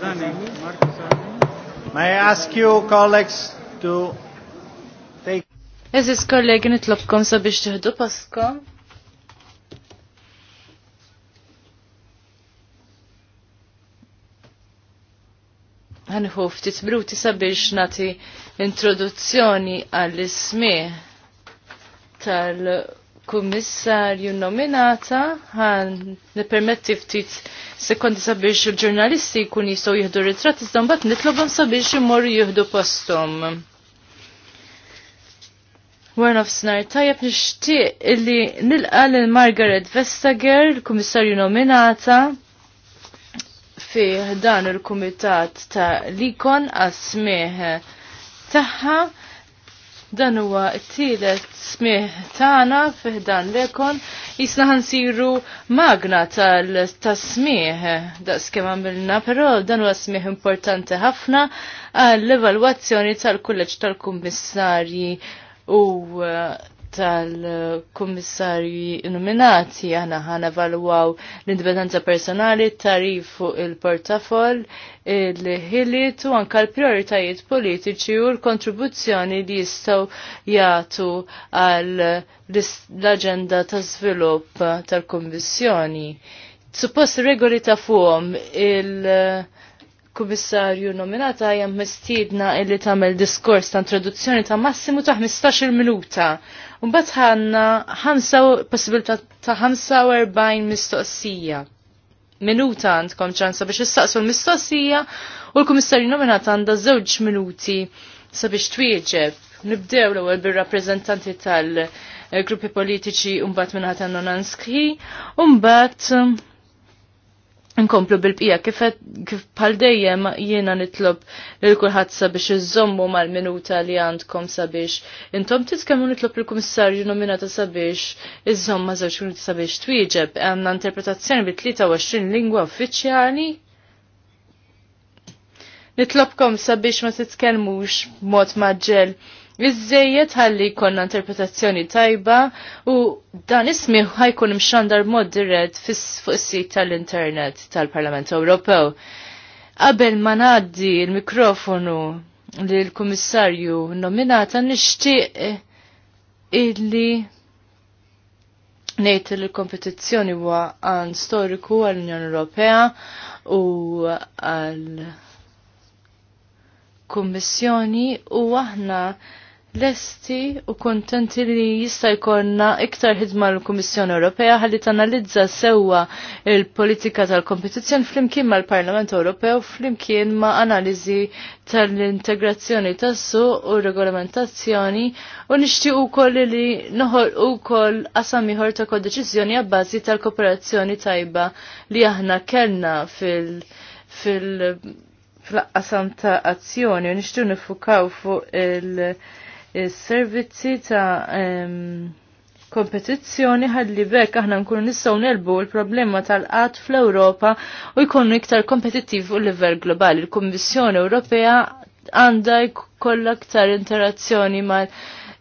May I ask you, colleagues, to take... Eżis kollegi nitlobkom sabiex tiħdu paskom. ħanħu ftit minuti sabiex nati introduzzjoni għall-ismi tal- kummissarju nominata għan nipermetti ftit sekondi sabiex il-ġurnalisti kun jistaw jihdu ritratti iżda mbagħad nitlobhom sabiex imorru jihdu postom. Warn of Snar tajab nixtieq illi nilqa lil Margaret Vestager, l-kummissarju nominata fi dan il-kumitat ta' Likon għasmih taħħa Dan huwa t-tielet smieħ tagħna fih dan l jisna ħansiru magna tal-tasmieħ daqs kemm għamilna, però dan huwa smieħ importanti ħafna għall-evalwazzjoni tal-kulleġġ tal-kummissarji u tal-kummissarji nominati aħna ħana valwaw l-indipendenza personali, tarif fuq il-portafol, il-ħiliet u anka l-prioritajiet politiċi u l-kontribuzzjoni li jistgħu jagħtu għal l-aġenda ta' żvilupp tal-Kummissjoni. Suppost regoli ta' fuqhom il- kummissarju nominata jem mistiedna illi tagħmel diskors ta' introduzzjoni ta' massimu ta' 15-il minuta. Mbagħad ħanna possibilità ta' 45 mistoqsija. Minuta għandkom ċansa biex issaqsu l-mistoqsija u l-kummissarju nominata għandha żewġ minuti sabiex twieġeb. Nibdew l-ewwel bir-rappreżentanti tal- gruppi politiċi umbat minna ħatan nanskħi u mbagħad. Nkomplu bil-bqija, kif bħal dejjem jiena nitlob lil kulħadd sabiex iżommu mal-minuta li għandkom sabiex. Intom titkemmu nitlob il-kummissarju nominata sabiex iżomm ma' żewġ minuti sabiex twieġeb għanna interpretazzjoni bi 23 lingwa uffiċjali. Nitlobkom sabiex ma titkellmux b'mod maġġel Iżżejjed ħalli jkollna interpretazzjoni tajba u dan ismi ħajkun imxandar mod dirett fuq is-sit tal-Internet tal-Parlament Ewropew. Qabel ma ngħaddi l-mikrofonu lill kummissarju nominata nixtieq eh, illi ngħid li l-kompetizzjoni huwa għan storiku għall-Unjoni Ewropea u għall-Kummissjoni u aħna lesti u kontenti li jista' jkollna iktar ħidma l-Kummissjoni Ewropea ħalli tanalizza sewwa il-politika tal-kompetizzjoni flimkien mal-Parlament Ewropew flimkien ma' analiżi tal-integrazzjoni tas u regolamentazzjoni u nixtieq ukoll li noħol wkoll qasam ieħor ta' kodeċiżjoni għabbażi tal-kooperazzjoni tajba li aħna kellna fil- fil fl-qasam ta' azzjoni u nixtieq nifukaw fuq il- servizzi ta' um, kompetizzjoni ħalli bekk aħna nkunu nistgħu nelbu l-problema tal qat fl-Ewropa u jkunu iktar kompetittiv u livell globali. Il-Kummissjoni Ewropea għandha jkollha aktar interazzjoni mal-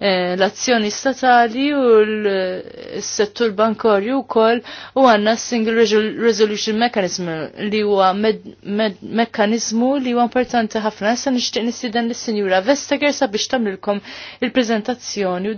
Eh, l-azzjoni statali u l-settur bankorju wkoll u għandna single resolution mechanism li huwa mekkanizmu li huwa importanti ħafna. Sa' nixtieq nistieden lis-Sinjura Vestager sabiex tagħmlilkom il prezentazzjoni